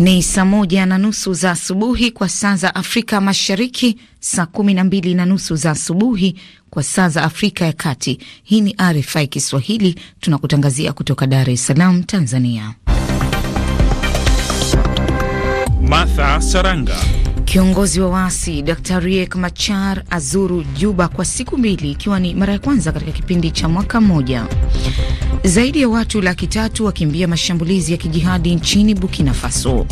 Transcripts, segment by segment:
Ni saa moja na nusu za asubuhi kwa saa za Afrika Mashariki, saa kumi na mbili na nusu za asubuhi kwa saa za Afrika ya Kati. Hii ni RFI Kiswahili, tunakutangazia kutoka Dar es Salaam, Tanzania. Martha Saranga. Kiongozi wa waasi Dr Riek Machar azuru Juba kwa siku mbili, ikiwa ni mara ya kwanza katika kipindi cha mwaka mmoja. Zaidi ya watu laki tatu wakimbia mashambulizi ya kijihadi nchini Burkina Faso.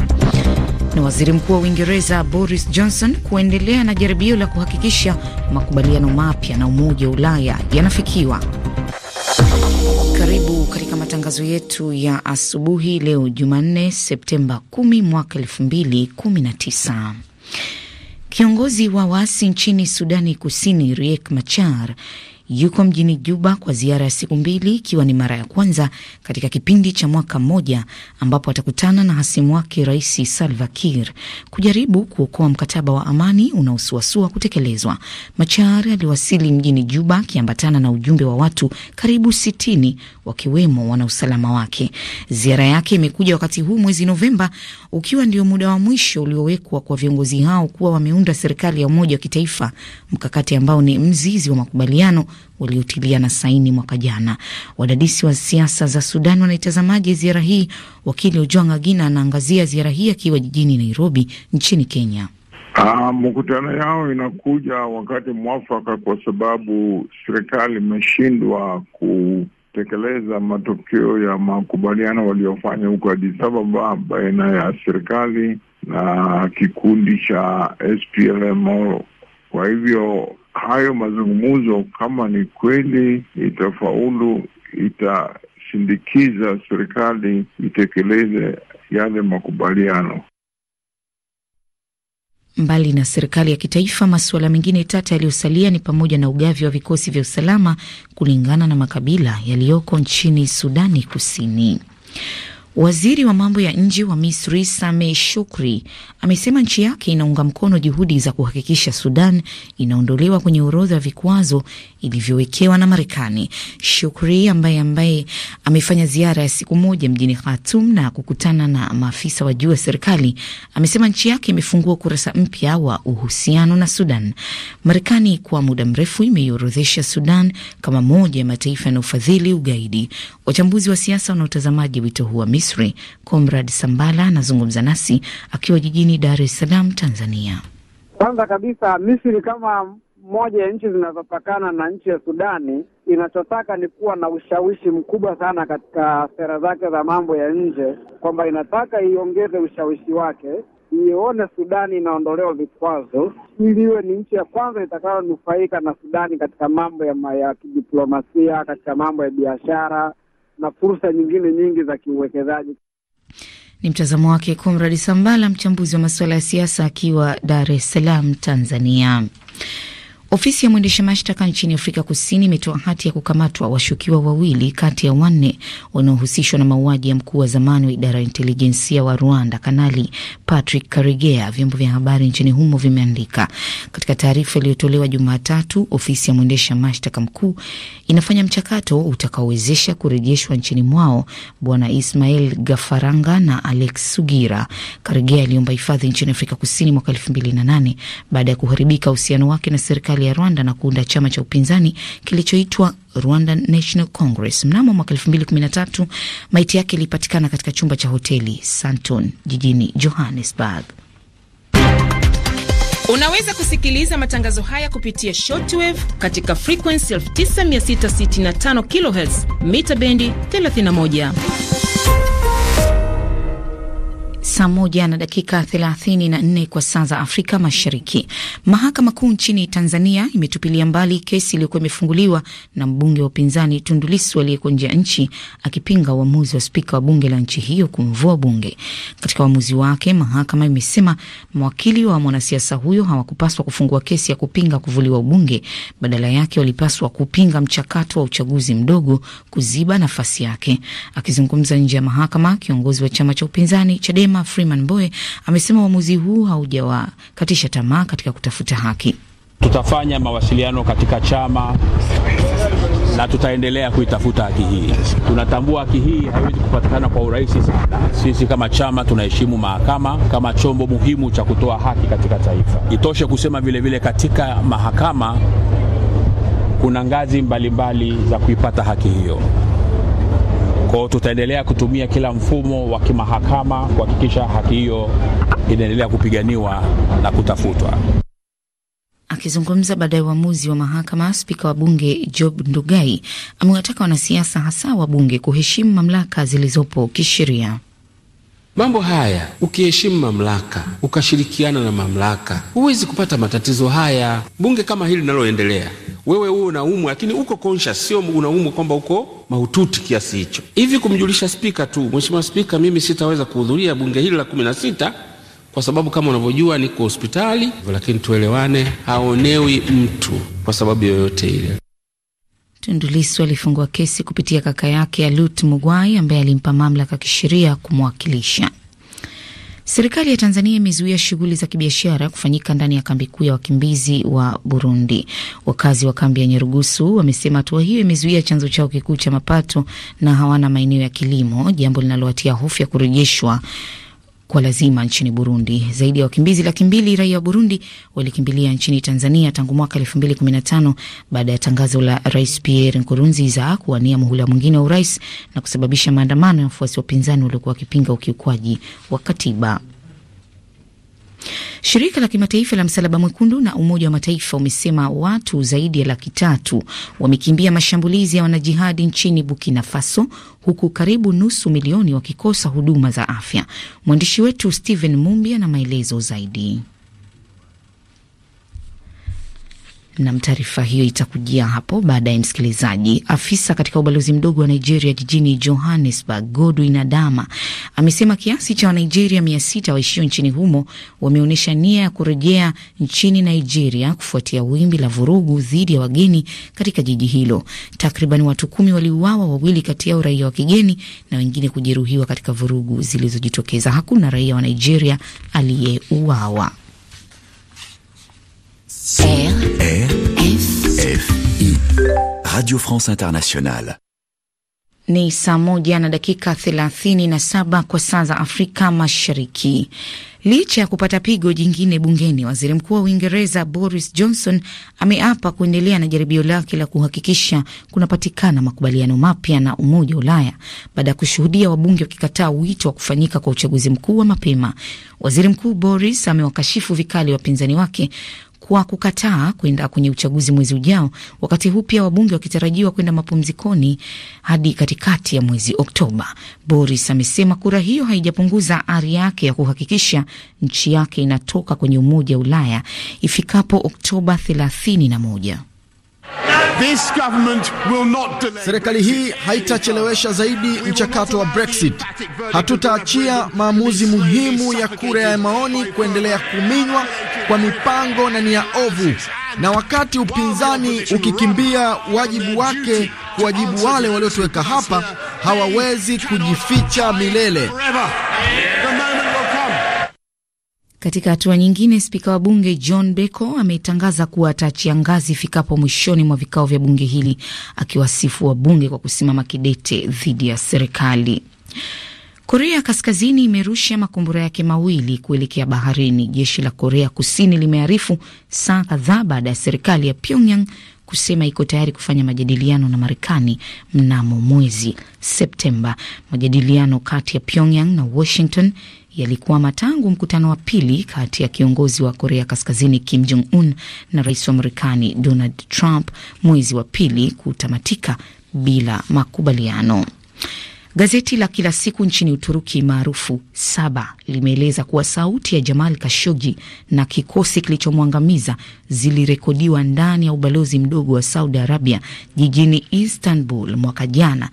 Na waziri mkuu wa Uingereza Boris Johnson kuendelea na jaribio la kuhakikisha makubaliano mapya na Umoja wa Ulaya yanafikiwa. Karibu katika matangazo yetu ya asubuhi leo Jumanne, Septemba 10 mwaka 2019. Kiongozi wa waasi nchini Sudani Kusini Riek Machar yuko mjini Juba kwa ziara ya siku mbili ikiwa ni mara ya kwanza katika kipindi cha mwaka mmoja ambapo atakutana na hasimu wake Rais Salva Kiir kujaribu kuokoa mkataba wa amani unaosuasua kutekelezwa. Machar aliwasili mjini Juba akiambatana na ujumbe wa watu karibu sitini wakiwemo wanausalama wake. Ziara yake imekuja wakati huu mwezi Novemba ukiwa ndio muda wa mwisho uliowekwa kwa viongozi hao kuwa wameunda serikali ya umoja wa kitaifa, mkakati ambao ni mzizi wa makubaliano na saini mwaka jana. Wadadisi wa siasa za Sudan wanaitazamaje ziara hii? Wakili Ojwang Agina anaangazia ziara hii akiwa jijini Nairobi nchini Kenya. Uh, mkutano yao inakuja wakati mwafaka kwa sababu serikali imeshindwa ku kutekeleza matokeo ya makubaliano waliofanya huko Addis Ababa baina ya serikali na kikundi cha SPLMO. Kwa hivyo hayo mazungumzo, kama ni kweli itafaulu, itashindikiza serikali itekeleze yale makubaliano. Mbali na serikali ya kitaifa, masuala mengine tata yaliyosalia ni pamoja na ugavi wa vikosi vya usalama kulingana na makabila yaliyoko nchini Sudani Kusini. Waziri wa mambo ya nje wa Misri Sameh Shukri amesema nchi yake inaunga mkono juhudi za kuhakikisha Sudan inaondolewa kwenye orodha ya vikwazo ilivyowekewa na Marekani. Shukri ambaye ambaye amefanya ziara ya siku moja mjini Khartoum na kukutana na maafisa wa juu wa serikali, amesema nchi yake imefungua ukurasa mpya wa uhusiano na Sudan. Marekani kwa muda mrefu imeiorodhesha Sudan kama moja ya mataifa yanayofadhili ugaidi. Wachambuzi wa siasa wanaotazamaji wito huu wa Misri. Comrad Sambala anazungumza nasi akiwa jijini Dar es Salaam, Tanzania. Kwanza kabisa Misri kama moja ya nchi zinazopakana na nchi ya Sudani inachotaka ni kuwa na ushawishi mkubwa sana katika sera zake za mambo ya nje, kwamba inataka iongeze ushawishi wake, ione Sudani inaondolewa vikwazo, ili iwe ni nchi ya kwanza itakayonufaika na Sudani katika mambo ya, ya kidiplomasia, katika mambo ya biashara na fursa nyingine nyingi za kiuwekezaji. Ni mtazamo wake Comradi Sambala, mchambuzi wa masuala ya siasa akiwa Dar es Salaam, Tanzania. Ofisi ya mwendesha mashtaka nchini Afrika Kusini imetoa hati ya kukamatwa washukiwa wawili kati ya wanne wanaohusishwa na mauaji ya mkuu wa zamani wa idara ya intelijensia wa Rwanda, Kanali Patrick Karegeya, vyombo vya habari nchini humo vimeandika. Katika taarifa iliyotolewa Jumatatu, ofisi ya mwendesha mashtaka mkuu inafanya mchakato utakaowezesha kurejeshwa nchini mwao Bwana Ismail Gafaranga na Alex Sugira. Karegeya aliomba hifadhi nchini Afrika Kusini mwaka elfu mbili na nane baada ya kuharibika uhusiano wake na serikali serikali ya Rwanda na kuunda chama cha upinzani kilichoitwa Rwanda National Congress. Mnamo mwaka 2013 maiti yake ilipatikana katika chumba cha hoteli Santon jijini Johannesburg. Unaweza kusikiliza matangazo haya kupitia shortwave katika frequency 9665 kHz mita bendi 31 saa moja na dakika thelathini na nne kwa saa za Afrika Mashariki. Mahakama Kuu nchini Tanzania imetupilia mbali kesi iliyokuwa imefunguliwa na mbunge wa upinzani Tundulisu aliyeko nje ya nchi akipinga uamuzi wa spika wa bunge la nchi hiyo kumvua bunge. Katika uamuzi wake, mahakama imesema mawakili wa mwanasiasa huyo hawakupaswa kufungua kesi ya kupinga kuvuliwa ubunge, badala yake walipaswa kupinga mchakato wa uchaguzi mdogo kuziba nafasi yake. Akizungumza nje ya mahakama, kiongozi wa chama cha upinzani Chadema mahakama Freeman Mbowe amesema uamuzi huu haujawakatisha tamaa katika kutafuta haki. Tutafanya mawasiliano katika chama na tutaendelea kuitafuta haki hii. Tunatambua haki hii haiwezi kupatikana kwa urahisi sana. Sisi kama chama tunaheshimu mahakama kama chombo muhimu cha kutoa haki katika taifa. Itoshe kusema vilevile vile katika mahakama kuna ngazi mbalimbali mbali za kuipata haki hiyo. Kwao tutaendelea kutumia kila mfumo wa kimahakama kuhakikisha haki hiyo inaendelea kupiganiwa na kutafutwa. Akizungumza baada ya uamuzi wa mahakama, spika wa bunge Job Ndugai amewataka wanasiasa, hasa wa bunge, kuheshimu mamlaka zilizopo kisheria. Mambo haya ukiheshimu mamlaka, ukashirikiana na mamlaka, huwezi kupata matatizo haya. Bunge kama hili linaloendelea wewe wewe unaumwa, lakini uko conscious, sio unaumwa kwamba uko mahututi kiasi hicho. Hivi kumjulisha spika tu, Mheshimiwa Spika, mimi sitaweza kuhudhuria bunge hili la kumi na sita kwa sababu kama unavyojua niko hospitali, lakini tuelewane, haonewi mtu kwa sababu yoyote ile. Tundu Lissu alifungua kesi kupitia kaka yake Alut Mugwai ambaye alimpa mamlaka kisheria kumwakilisha. Serikali ya Tanzania imezuia shughuli za kibiashara kufanyika ndani ya kambi kuu ya wakimbizi wa Burundi. Wakazi wa kambi ya Nyarugusu wamesema hatua hiyo imezuia chanzo chao kikuu cha mapato na hawana maeneo ya kilimo, jambo linalowatia hofu ya kurejeshwa kwa lazima nchini Burundi. Zaidi ya wakimbizi laki mbili raia wa Burundi walikimbilia nchini Tanzania tangu mwaka elfu mbili kumi na tano baada ya tangazo la Rais Pierre Nkurunziza kuwania muhula mwingine wa urais na kusababisha maandamano ya wafuasi wa upinzani waliokuwa wakipinga ukiukwaji wa katiba. Shirika la kimataifa la Msalaba Mwekundu na Umoja wa Mataifa umesema watu zaidi ya laki tatu wamekimbia mashambulizi ya wanajihadi nchini Burkina Faso, huku karibu nusu milioni wakikosa huduma za afya. Mwandishi wetu Stephen Mumbia na maelezo zaidi. Nam, taarifa hiyo itakujia hapo baadaye, msikilizaji. Afisa katika ubalozi mdogo wa Nigeria jijini Johannesburg, Godwin Adama, amesema kiasi cha Wanigeria mia sita waishio nchini humo wameonyesha nia ya kurejea nchini Nigeria kufuatia wimbi la vurugu dhidi ya wageni katika jiji hilo. Takriban watu kumi waliuawa, wawili kati yao raia wa kigeni na wengine kujeruhiwa katika vurugu zilizojitokeza. Hakuna raia wa Nigeria aliyeuawa. I Radio France Internationale. Ni saa moja na dakika 37 kwa saa za Afrika Mashariki. Licha ya kupata pigo jingine bungeni, waziri mkuu wa Uingereza Boris Johnson ameapa kuendelea na jaribio lake la kuhakikisha kunapatikana makubaliano mapya na Umoja wa Ulaya baada ya kushuhudia wabunge wakikataa wito wa kufanyika kwa uchaguzi mkuu wa mapema. Waziri Mkuu Boris amewakashifu vikali wapinzani wake kwa kukataa kwenda kwenye uchaguzi mwezi ujao, wakati huu pia wabunge wakitarajiwa kwenda mapumzikoni hadi katikati ya mwezi Oktoba. Boris amesema kura hiyo haijapunguza ari yake ya kuhakikisha nchi yake inatoka kwenye Umoja wa Ulaya ifikapo Oktoba 31. Serikali hii haitachelewesha zaidi mchakato wa Brexit. Hatutaachia maamuzi muhimu ya kura ya maoni kuendelea kuminywa kwa mipango na nia ovu, na wakati upinzani ukikimbia wajibu wake kuwajibu wale waliotuweka hapa, hawawezi kujificha milele. Katika hatua nyingine, spika wa bunge John Beko ametangaza kuwa ataachia ngazi ifikapo mwishoni mwa vikao vya bunge hili, akiwasifu wa bunge kwa kusimama kidete dhidi ya serikali. Korea Kaskazini imerusha makombora yake mawili kuelekea baharini, jeshi la Korea Kusini limearifu saa kadhaa baada ya serikali ya Pyongyang kusema iko tayari kufanya majadiliano na Marekani mnamo mwezi Septemba. Majadiliano kati ya Pyongyang na Washington yalikwama tangu mkutano wa pili kati ya kiongozi wa Korea Kaskazini Kim Jong Un na rais wa Marekani Donald Trump mwezi wa pili kutamatika bila makubaliano. Gazeti la kila siku nchini Uturuki maarufu Saba limeeleza kuwa sauti ya Jamal Kashogi na kikosi kilichomwangamiza zilirekodiwa ndani ya ubalozi mdogo wa Saudi Arabia jijini Istanbul mwaka jana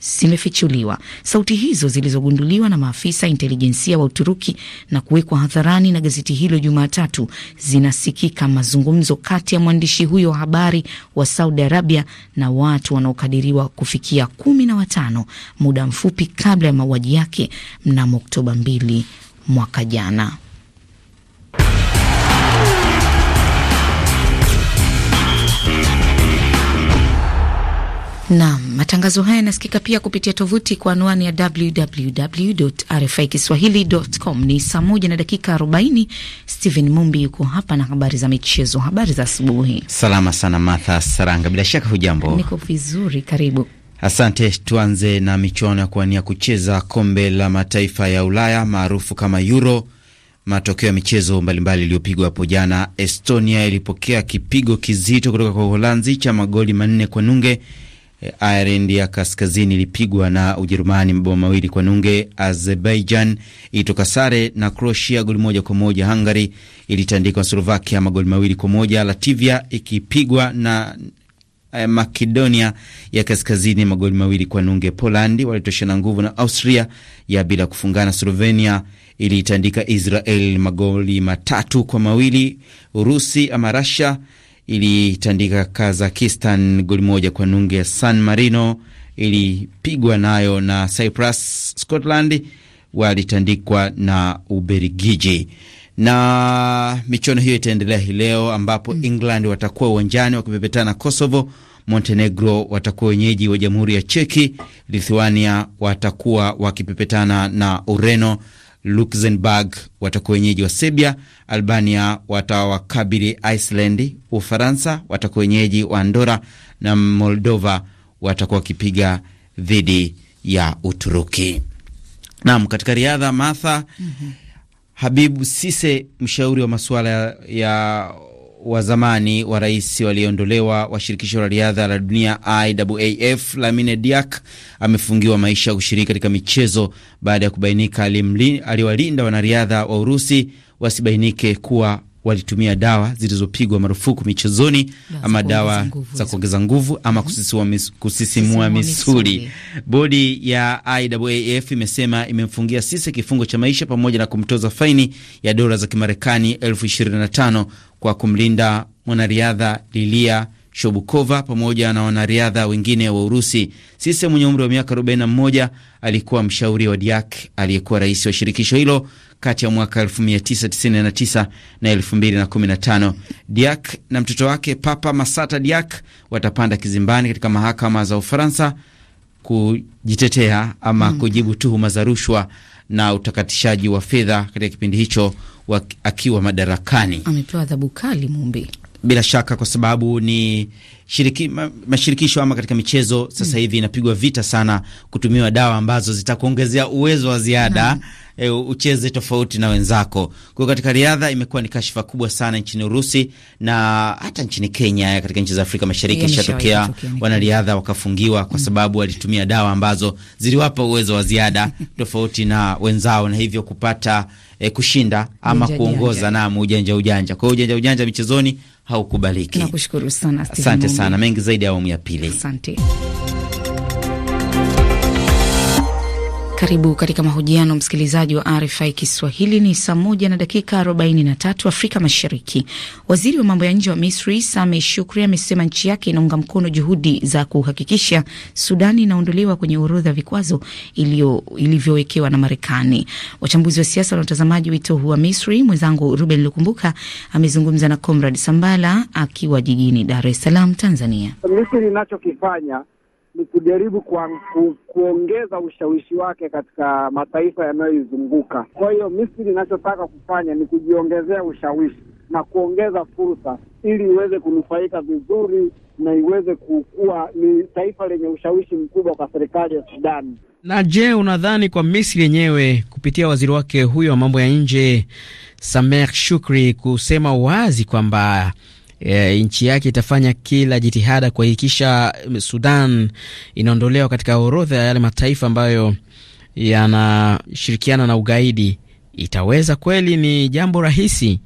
zimefichuliwa. Sauti hizo zilizogunduliwa na maafisa intelijensia wa Uturuki na kuwekwa hadharani na gazeti hilo Jumatatu zinasikika mazungumzo kati ya mwandishi huyo wa habari wa Saudi Arabia na watu wanaokadiriwa kufikia kumi na watano muda mfupi kabla ya mauaji yake mnamo Oktoba mbili mwaka jana. Naam, matangazo haya yanasikika pia kupitia tovuti kwa anwani ya www RFI kiswahilicom. Ni saa moja na dakika 40. Stephen Mumbi yuko hapa na habari za michezo. Habari za asubuhi. Salama sana Martha Saranga, bila shaka hujambo? Niko vizuri, karibu. Asante. Tuanze na michuano ya kuwania kucheza kombe la mataifa ya Ulaya maarufu kama Euro. Matokeo ya michezo mbalimbali iliyopigwa hapo jana, Estonia ilipokea kipigo kizito kutoka kwa Uholanzi cha magoli manne kwa nunge Eh, Ireland ya kaskazini ilipigwa na Ujerumani mabao mawili kwa nunge. Azerbaijan itoka sare na Croatia goli moja kwa moja. Hungary ilitandikwa Slovakia magoli mawili kwa moja. Latvia ikipigwa na eh, Makedonia ya kaskazini magoli mawili kwa nunge. poland walitoshana nguvu na Austria ya bila kufungana. Slovenia ilitandika Israel magoli matatu kwa mawili. Urusi ama Russia ilitandika Kazakistan goli moja kwa nunge ya San Marino, ilipigwa nayo na Cyprus. Scotland walitandikwa na Uberigiji na michuano hiyo itaendelea hii leo ambapo mm, England watakuwa uwanjani wakipepetana Kosovo, Montenegro watakuwa wenyeji wa Jamhuri ya Cheki, Lithuania watakuwa wakipepetana na Ureno, Luxembourg watakuwa wenyeji wa Serbia, Albania watawakabili Iceland, Ufaransa watakuwa wenyeji wa Andora na Moldova watakuwa wakipiga dhidi ya Uturuki. Naam, katika riadha Martha mm -hmm. Habibu Sise, mshauri wa masuala ya wa zamani wa rais waliyeondolewa wa shirikisho la riadha la dunia IAAF Lamine Diak amefungiwa maisha ya kushiriki katika michezo baada ya kubainika aliwalinda wanariadha wa Urusi wasibainike kuwa walitumia dawa zilizopigwa marufuku michezoni ama dawa za kuongeza nguvu ama mhm. kusisimua misuli. Bodi ya IAAF imesema imemfungia Sise kifungo cha maisha pamoja na kumtoza faini ya dola za Kimarekani elfu ishirini na tano kwa kumlinda mwanariadha Lilia Shobukova pamoja na wanariadha wengine wa Urusi. Sise mwenye umri wa miaka 41 alikuwa mshauri wa Diak aliyekuwa rais wa shirikisho hilo kati ya mwaka 1999 na 2015. Diak na mtoto wake Papa Masata Diak watapanda kizimbani katika mahakama za Ufaransa kujitetea ama hmm, kujibu tuhuma za rushwa na utakatishaji wa fedha katika kipindi hicho akiwa madarakani. Amepewa adhabu kali Mumbi bila shaka kwa sababu ni shiriki, ma, mashirikisho ama katika michezo sasa hmm. hivi mm. inapigwa vita sana kutumiwa dawa ambazo zitakuongezea uwezo wa ziada hmm. e, ucheze tofauti na wenzako. Kwa hiyo katika riadha imekuwa ni kashfa kubwa sana nchini Urusi na hata nchini Kenya, katika nchi za Afrika Mashariki ishatokea wanariadha wakafungiwa kwa hmm. sababu walitumia dawa ambazo ziliwapa uwezo wa ziada tofauti na wenzao na hivyo kupata e, kushinda ama kuongoza nam ujanja ujanja. Kwa hiyo ujanja ujanja michezoni haukubaliki. Nakushukuru sana, asante sana mengi zaidi ya awamu ya pili. Asante. Karibu katika mahojiano msikilizaji wa RFI Kiswahili. Ni saa moja na dakika 43 Afrika Mashariki. Waziri wa mambo ya nje wa Misri Sameh Shukri amesema nchi yake inaunga mkono juhudi za kuhakikisha Sudani inaondolewa kwenye orodha ya vikwazo ilivyowekewa na Marekani. Wachambuzi wa siasa na watazamaji wito huu wa Misri, mwenzangu Ruben Lukumbuka amezungumza na Comrad Sambala akiwa jijini Dar es Salaam, Tanzania. Misri inachokifanya ni kujaribu kwa, ku, kuongeza ushawishi wake katika mataifa yanayoizunguka. Kwa hiyo Misri inachotaka kufanya ni kujiongezea ushawishi na kuongeza fursa ili iweze kunufaika vizuri na iweze kukuwa ni taifa lenye ushawishi mkubwa kwa serikali ya Sudani. Na je, unadhani kwa Misri yenyewe kupitia waziri wake huyo wa mambo ya nje Samer Shukri kusema wazi kwamba e, nchi yake itafanya kila jitihada kuhakikisha Sudan inaondolewa katika orodha ya yale mataifa ambayo yanashirikiana na ugaidi. Itaweza kweli? Ni jambo rahisi?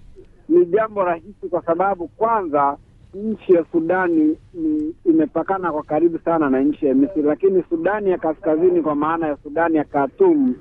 Ni jambo rahisi kwa sababu kwanza nchi ya Sudani ni imepakana kwa karibu sana na nchi ya Misri, lakini Sudani ya kaskazini kwa maana ya Sudani ya Khartoum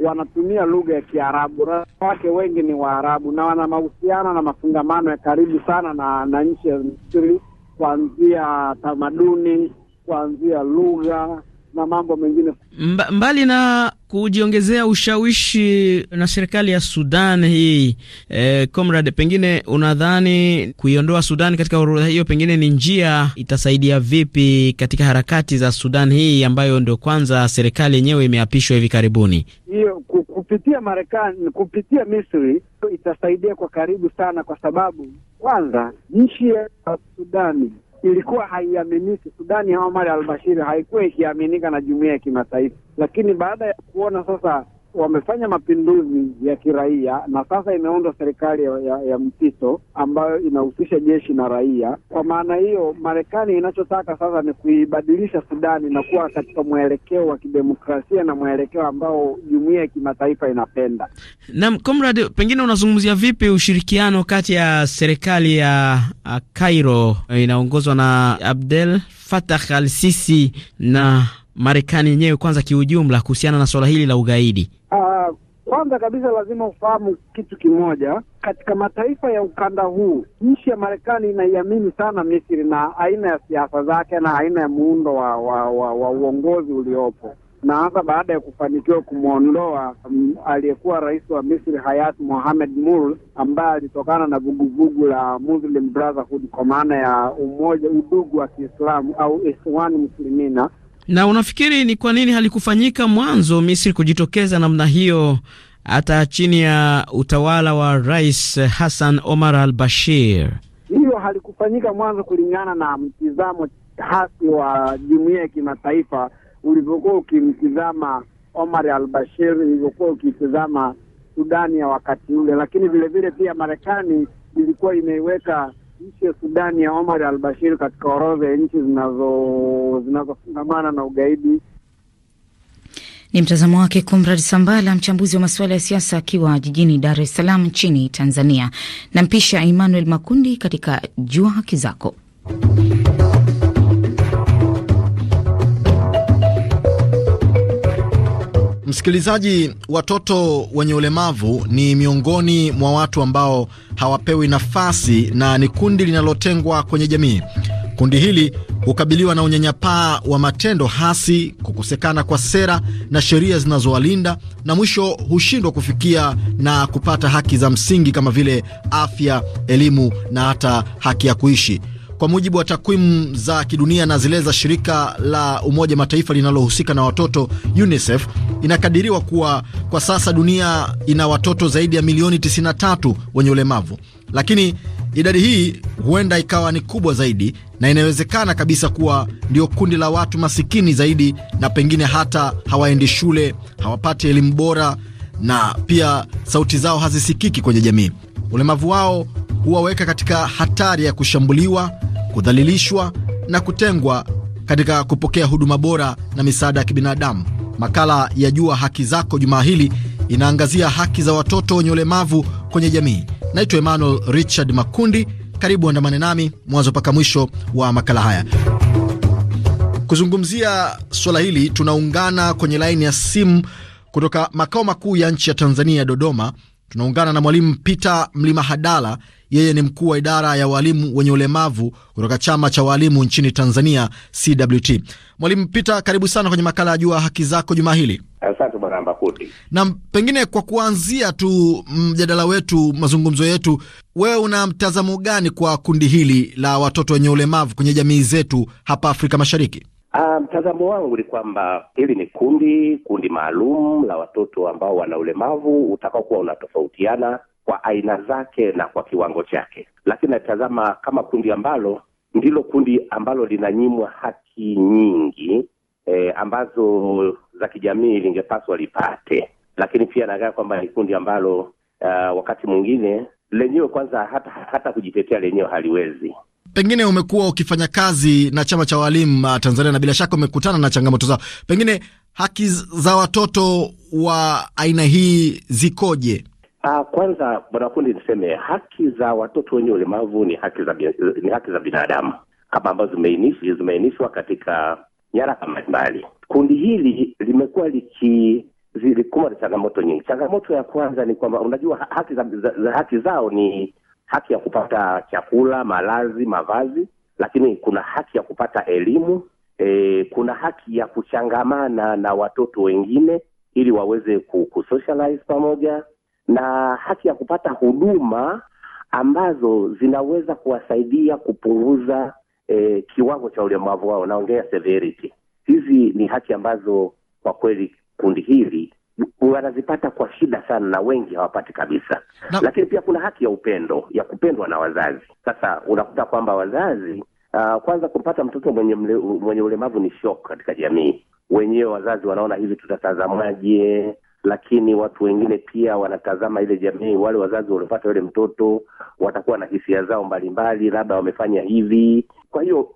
wanatumia lugha ya Kiarabu, raia wake wengi ni Waarabu na wana mahusiano na mafungamano ya karibu sana na, na nchi ya Misri kuanzia tamaduni, kuanzia lugha na mambo mengine Mba, mbali na kujiongezea ushawishi na serikali ya Sudan hii e, comrade, pengine unadhani kuiondoa Sudan katika orodha hiyo pengine ni njia itasaidia vipi katika harakati za Sudan hii ambayo ndio kwanza serikali yenyewe imeapishwa hivi karibuni? Hiyo kupitia Marekani, kupitia Misri itasaidia kwa karibu sana, kwa sababu kwanza nchi ya Sudani ilikuwa haiaminiki. Sudani ya Omar al-Bashir haikuwa ikiaminika na jumuia ya kimataifa, lakini baada ya kuona sasa wamefanya mapinduzi ya kiraia na sasa imeundwa serikali ya, ya, ya mpito ambayo inahusisha jeshi na raia. Kwa maana hiyo, Marekani inachotaka sasa ni kuibadilisha Sudani na kuwa katika mwelekeo wa kidemokrasia na mwelekeo ambao jumuiya ya kimataifa inapenda. Naam, comrade, pengine unazungumzia vipi ushirikiano kati ya serikali ya Cairo eh, inaongozwa na Abdel Fattah al-Sisi na Marekani yenyewe kwanza kiujumla kuhusiana na suala hili la ugaidi? Uh, kwanza kabisa lazima ufahamu kitu kimoja. Katika mataifa ya ukanda huu, nchi ya Marekani inaiamini sana Misri na aina ya siasa zake na aina ya muundo wa, wa, wa, wa uongozi uliopo na hasa baada ya kufanikiwa kumwondoa mm, aliyekuwa rais wa Misri hayati Mohamed Mursi ambaye alitokana na vuguvugu la Muslim Brotherhood kwa maana ya umoja udugu wa Kiislamu au Ikhwan Muslimina na unafikiri ni kwa nini halikufanyika mwanzo Misri kujitokeza namna hiyo hata chini ya utawala wa Rais Hassan Omar al-Bashir? Hiyo halikufanyika mwanzo kulingana na mtizamo hasi wa jumuiya ya kimataifa ulivyokuwa ukimtizama Omar al-Bashir, ilivyokuwa ukitizama Sudani ya wakati ule, lakini vilevile pia Marekani ilikuwa imeiweka nchi ya Sudani ya Omar al Bashir katika orodha ya nchi zinazo zinazofungamana na ugaidi. Ni mtazamo wake Comrad Sambala, mchambuzi wa masuala ya siasa akiwa jijini Dar es Salaam nchini Tanzania. Nampisha Emmanuel Makundi katika Jua Haki Zako. Msikilizaji, watoto wenye ulemavu ni miongoni mwa watu ambao hawapewi nafasi na ni kundi linalotengwa kwenye jamii. Kundi hili hukabiliwa na unyanyapaa wa matendo hasi, kukosekana kwa sera na sheria zinazowalinda, na mwisho hushindwa kufikia na kupata haki za msingi kama vile afya, elimu na hata haki ya kuishi. Kwa mujibu wa takwimu za kidunia na zile za shirika la Umoja Mataifa linalohusika na watoto UNICEF, inakadiriwa kuwa kwa sasa dunia ina watoto zaidi ya milioni 93 wenye ulemavu, lakini idadi hii huenda ikawa ni kubwa zaidi, na inawezekana kabisa kuwa ndio kundi la watu masikini zaidi, na pengine hata hawaendi shule, hawapati elimu bora, na pia sauti zao hazisikiki kwenye jamii. Ulemavu wao huwaweka katika hatari ya kushambuliwa, kudhalilishwa na kutengwa katika kupokea huduma bora na misaada ya kibinadamu. Makala ya Jua Haki Zako jumaa hili inaangazia haki za watoto wenye ulemavu kwenye jamii. Naitwa Emmanuel Richard Makundi. Karibu andamane nami mwanzo mpaka mwisho wa makala haya. Kuzungumzia suala hili, tunaungana kwenye laini ya simu kutoka makao makuu ya nchi ya Tanzania, Dodoma, tunaungana na mwalimu Peter Mlima Hadala. Yeye ni mkuu wa idara ya walimu wenye ulemavu kutoka chama cha walimu nchini Tanzania, CWT. Mwalimu Peter, karibu sana kwenye makala ya Jua Haki Zako juma hili. Asante bwana Mbakuti. Na pengine kwa kuanzia tu mm, mjadala wetu, mazungumzo yetu, wewe una mtazamo gani kwa kundi hili la watoto wenye ulemavu kwenye jamii zetu hapa Afrika Mashariki? Ah, mtazamo um, wangu ni kwamba hili ni kundi kundi maalum la watoto ambao wana ulemavu utakaokuwa unatofautiana kwa aina zake na kwa kiwango chake, lakini natazama kama kundi ambalo ndilo kundi ambalo linanyimwa haki nyingi e, ambazo za kijamii lingepaswa lipate, lakini pia nagaa kwamba ni kundi ambalo uh, wakati mwingine lenyewe kwanza hata hata kujitetea lenyewe haliwezi pengine umekuwa ukifanya kazi na chama cha walimu uh, Tanzania na bila shaka umekutana na changamoto zao, pengine haki za watoto wa aina hii zikoje? Uh, kwanza bwana Kundi, niseme haki za watoto wenye ulemavu ni haki za, ni haki za binadamu kama ambazo zimeainishwa katika nyaraka mbalimbali. Kundi hili limekuwa liki zilikuwa na changamoto nyingi. Changamoto ya kwanza ni kwamba unajua haki za, za, za haki zao ni haki ya kupata chakula, malazi, mavazi, lakini kuna haki ya kupata elimu e, kuna haki ya kuchangamana na watoto wengine ili waweze kusocialize pamoja, na haki ya kupata huduma ambazo zinaweza kuwasaidia kupunguza e, kiwango cha ulemavu wao, naongea severity. Hizi ni haki ambazo kwa kweli kundi hili wanazipata kwa shida sana, na wengi hawapati kabisa na... Lakini pia kuna haki ya upendo ya kupendwa na wazazi. Sasa unakuta kwamba wazazi uh, kwanza kumpata mtoto mwenye mle, mwenye ulemavu ni shok katika jamii. Wenyewe wazazi wanaona hivi, tutatazamaje? lakini watu wengine pia wanatazama ile jamii, wale wazazi waliopata yule mtoto watakuwa na hisia zao mbalimbali, labda wamefanya hivi. Kwa hiyo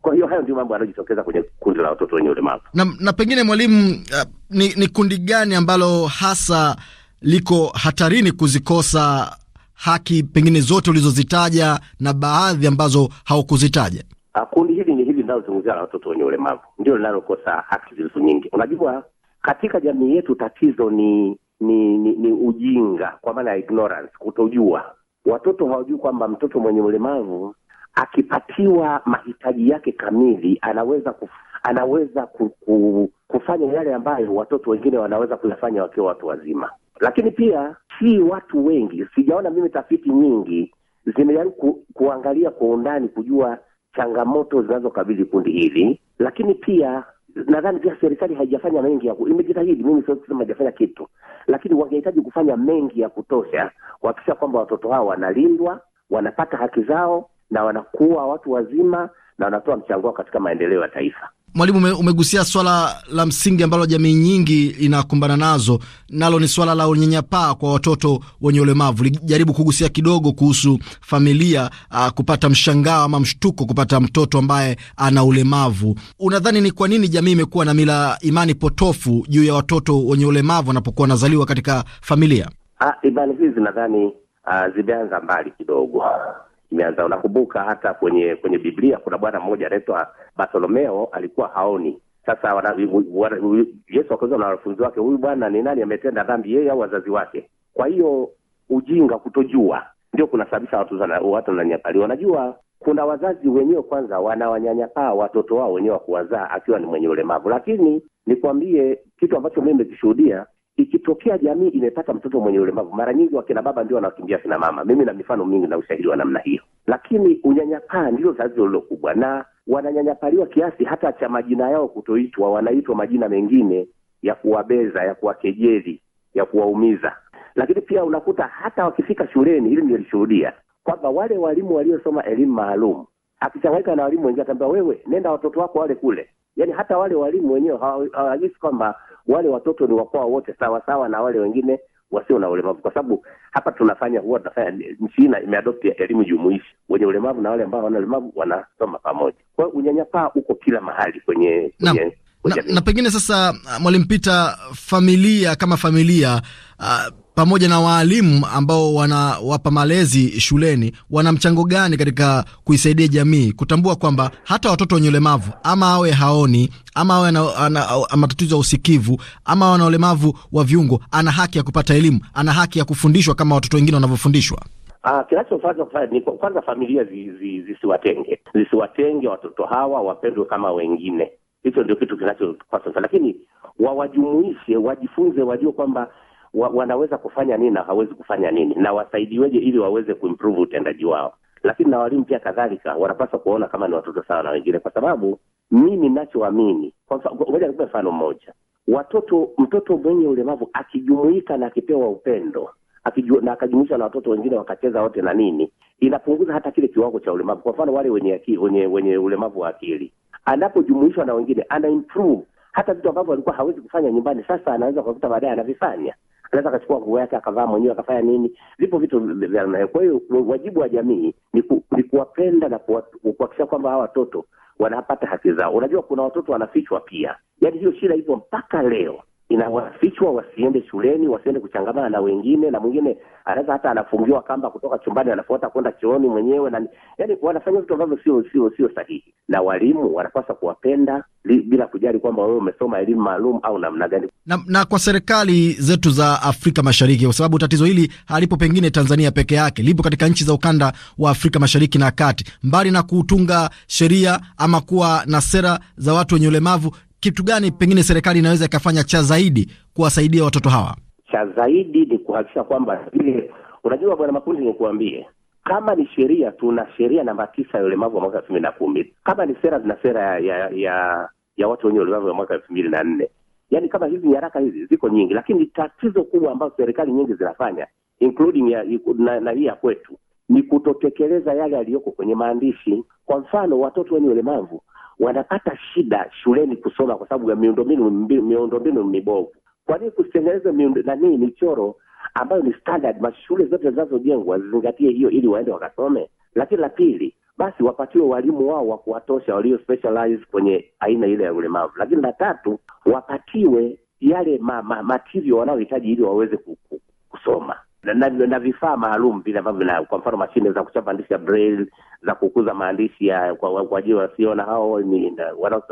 kwa hiyo hayo ndio mambo yanayojitokeza kwenye kundi la watoto wenye ulemavu. Na, na pengine mwalimu, uh, ni, ni kundi gani ambalo hasa liko hatarini kuzikosa haki pengine zote ulizozitaja na baadhi ambazo haukuzitaja? Ah, kundi hili ni hili linalozungumzia la watoto wenye ulemavu ndio linalokosa haki zilizo nyingi. Unajua katika jamii yetu tatizo ni ni ni, ni ujinga kwa maana ya ignorance kutojua watoto hawajui kwamba mtoto mwenye ulemavu akipatiwa mahitaji yake kamili anaweza kuf, anaweza ku, ku, kufanya yale ambayo watoto wengine wanaweza kuyafanya wakiwa watu wazima lakini pia si watu wengi sijaona mimi tafiti nyingi zimejaribu ku, kuangalia kwa undani kujua changamoto zinazokabili kundi hili lakini pia nadhani pia serikali haijafanya mengi ya imejitahidi. Mimi siwezi kusema haijafanya kitu, lakini wangehitaji kufanya mengi ya kutosha kuhakikisha kwamba watoto hao wanalindwa, wanapata haki zao na wanakuwa watu wazima na wanatoa mchango wao katika maendeleo ya taifa. Mwalimu, umegusia swala la msingi ambalo jamii nyingi inakumbana nazo, nalo ni swala la unyanyapaa kwa watoto wenye ulemavu. Lijaribu kugusia kidogo kuhusu familia uh, kupata mshangao ama mshtuko kupata mtoto ambaye ana ulemavu. Unadhani ni kwa nini jamii imekuwa na mila, imani potofu juu ya watoto wenye ulemavu wanapokuwa wanazaliwa katika familia? Ah, imani hizi nadhani ah, zimeanza mbali kidogo imeanza. Unakumbuka hata kwenye kwenye Biblia kuna bwana mmoja anaitwa Bartolomeo alikuwa haoni. Sasa wana, wana, Yesu akauza na wanafunzi wake, huyu bwana ni nani ametenda dhambi, yeye au wazazi wake? Kwa hiyo ujinga, kutojua ndio kunasababisha watu watu wananyanyapaliwa. Wanajua kuna wazazi wenyewe kwanza wanawanyanyapaa watoto wao wenyewe wa kuwazaa akiwa ni mwenye ulemavu, lakini nikwambie kitu ambacho mimi nimekishuhudia Ikitokea jamii imepata mtoto mwenye ulemavu, mara nyingi wakina baba ndio wanawakimbia kina mama. Mimi na mifano mingi na ushahidi wa namna hiyo, lakini unyanyapaa ndilo tatizo lilo kubwa, na wananyanyapaliwa kiasi hata cha majina yao kutoitwa, wanaitwa majina mengine ya kuwabeza, ya kuwakejeli, ya kuwaumiza. Lakini pia unakuta hata wakifika shuleni, hili nilishuhudia kwamba wale walimu waliosoma elimu maalum akichanganyika na walimu wengine, ataambiwa wewe, nenda watoto wako wale kule yani hata wale walimu wenyewe hawajisi kwamba wale watoto ni wakoa wote sawa sawa na wale wengine wasio na ulemavu, kwa sababu hapa tunafanya huwa tunafanya nchi na imeadopti elimu jumuishi, wenye ulemavu na wale ambao hawana ulemavu wanasoma pamoja. Kwa hiyo unyanyapaa uko kila mahali kwenye, kwenye na, na pengine sasa, uh, mwalimpita familia kama familia uh, pamoja na waalimu ambao wanawapa malezi shuleni, wana mchango gani katika kuisaidia jamii kutambua kwamba hata watoto wenye ulemavu ama awe haoni ama awe ana matatizo ya usikivu ama awe na ulemavu wa viungo, ana haki ya kupata elimu, ana haki ya kufundishwa kama watoto wengine wanavyofundishwa? Ah, kinachofanywa kufanya ni kwanza, familia zisiwatenge, zi, zi, zisiwatenge watoto hawa, wapendwe kama wengine. Hicho ndio kitu kinachopaswa, lakini wawajumuishe, wajifunze, wajue kwamba wa, wanaweza kufanya nini na hawezi kufanya nini na wasaidiweje ili waweze kuimprove utendaji wao lakini na walimu pia kadhalika wanapaswa kuona kama ni watoto sawa na wengine kwa sababu mimi ninachoamini ngoja nikupe mfano mmoja watoto mtoto mwenye ulemavu akijumuika na akipewa upendo akiju, na akajumuishwa na watoto wengine wakacheza wote na nini inapunguza hata kile kiwango cha ulemavu kwa mfano wale wenye aki, wenye wenye ulemavu wa akili anapojumuishwa na wengine ana improve hata vitu ambavyo alikuwa hawezi kufanya nyumbani sasa anaweza kukuta baadaye anavifanya anaweza akachukua nguo yake akavaa mwenyewe akafanya nini, vipo vitu vya namna hiyo. Kwa hiyo wajibu wa jamii ni, ku, ni kuwapenda na kuhakikisha kwamba hawa watoto wanapata haki zao. Unajua kuna watoto wanafichwa pia, yaani hiyo shida ipo mpaka leo inawafichwa wasiende shuleni, wasiende kuchangamana na wengine, na mwingine anaweza hata anafungiwa kamba kutoka chumbani, anafuata kwenda chooni mwenyewe na, yani wanafanya vitu ambavyo sio sio sio sahihi, na walimu wanapaswa kuwapenda bila kujali kwamba wewe umesoma elimu maalum au namna gani. Na, na kwa serikali zetu za Afrika Mashariki, kwa sababu tatizo hili halipo pengine Tanzania peke yake, lipo katika nchi za ukanda wa Afrika Mashariki na Kati. Mbali na kutunga sheria ama kuwa na sera za watu wenye ulemavu, kitu gani pengine serikali inaweza ikafanya cha zaidi kuwasaidia watoto hawa? Cha zaidi ni kuhakikisha kwamba ile, unajua bwana Makundi, nikuambie kama ni sheria tuna sheria namba tisa ya ulemavu wa mwaka elfu mbili na kumi. Kama ni sera zina sera ya ya ya watu wenye ulemavu wa mwaka elfu mbili na nne. Yaani kama hizi nyaraka hizi ziko nyingi, lakini tatizo kubwa ambazo serikali nyingi zinafanya including ya, na, na hii ya kwetu ni kutotekeleza yale yaliyoko kwenye maandishi. Kwa mfano, watoto wenye ulemavu wanapata shida shuleni kusoma kwa sababu ya miundombinu miundombinu mibovu. Kwa nini kusitengeneza nanii michoro ambayo ni standard? Mashule zote zinazojengwa zizingatie hiyo ili waende wakasome. Lakini la pili, basi wapatiwe walimu wao wa kuwatosha walio specialize kwenye aina ile ya ulemavu. Lakini la tatu, wapatiwe yale ma, ma, material wanayohitaji ili waweze kusoma na, na, na vifaa maalum vile ambavyo kwa mfano mashine za kuchapa maandishi ya braille za kukuza maandishi ya kwa ajili wasiona hao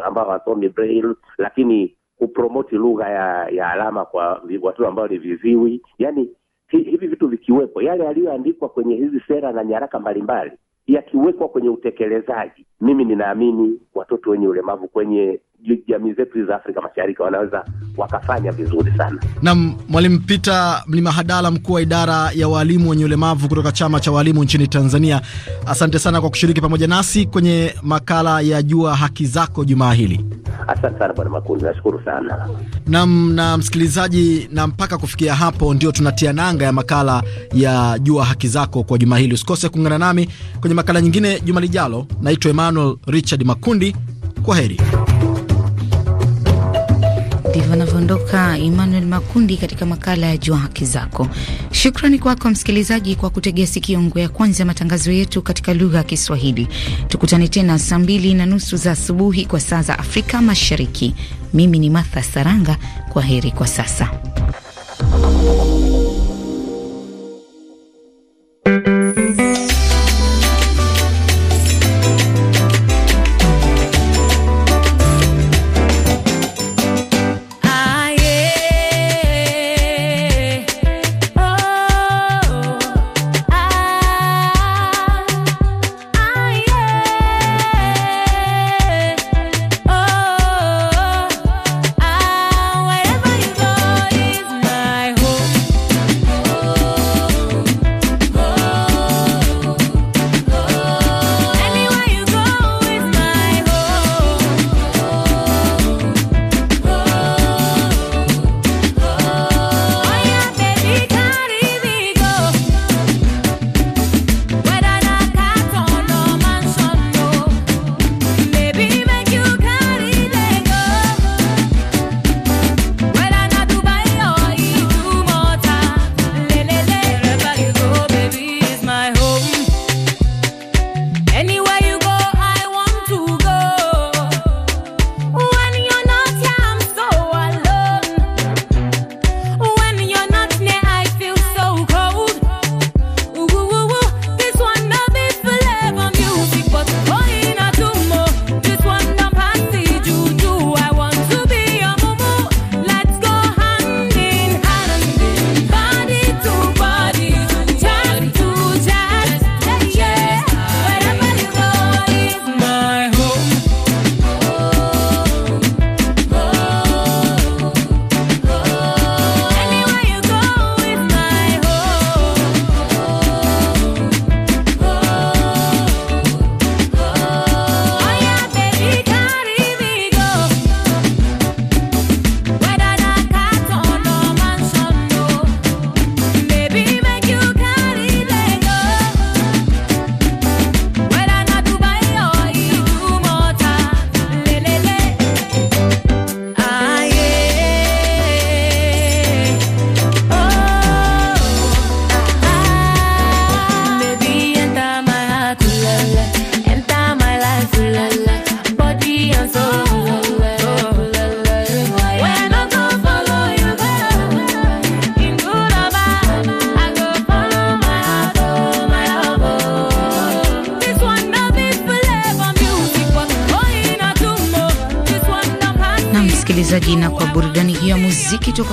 ambao hawasomi braille, lakini kupromoti lugha ya, ya alama kwa watu ambao ni viziwi. Yani hivi vitu vikiwepo, yale yaliyoandikwa kwenye hizi sera na nyaraka mbalimbali yakiwekwa kwenye utekelezaji, mimi ninaamini watoto wenye ulemavu kwenye jamii zetu za Afrika Mashariki wanaweza wakafanya vizuri sana. Naam, Mwalimu Peter Mlima Hadala, mkuu wa idara ya walimu wenye ulemavu kutoka chama cha walimu nchini Tanzania, asante sana kwa kushiriki pamoja nasi kwenye makala ya Jua Haki Zako jumaa hili. Asante sana Bwana Makundi, nashukuru sana. Naam, na msikilizaji, na mpaka kufikia hapo ndio tunatia nanga ya makala ya Jua Haki Zako kwa jumaa hili. Usikose kuungana nami kwenye makala nyingine juma lijalo. Naitwa Emmanuel Richard Makundi, kwa heri. Ndivyo anavyoondoka Emmanuel Makundi katika makala ya Jua Haki Zako. Shukrani kwako kwa msikilizaji kwa kutegea sikio ngo ya kwanza ya matangazo yetu katika lugha ya Kiswahili. Tukutane tena saa mbili na nusu za asubuhi kwa saa za Afrika Mashariki. Mimi ni Martha Saranga, kwa heri kwa sasa.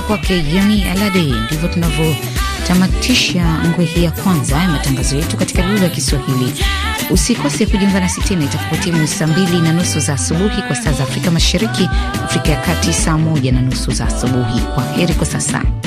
kwake Yemi Alade. Ndivyo tunavyotamatisha ngwe hii ya kwanza ya matangazo yetu katika lugha ya Kiswahili. Usikose kujiunga nasi tena itakapotimu saa mbili na nusu za asubuhi kwa saa za Afrika Mashariki, Afrika ya Kati saa moja na nusu za asubuhi. Kwa heri kwa sasa.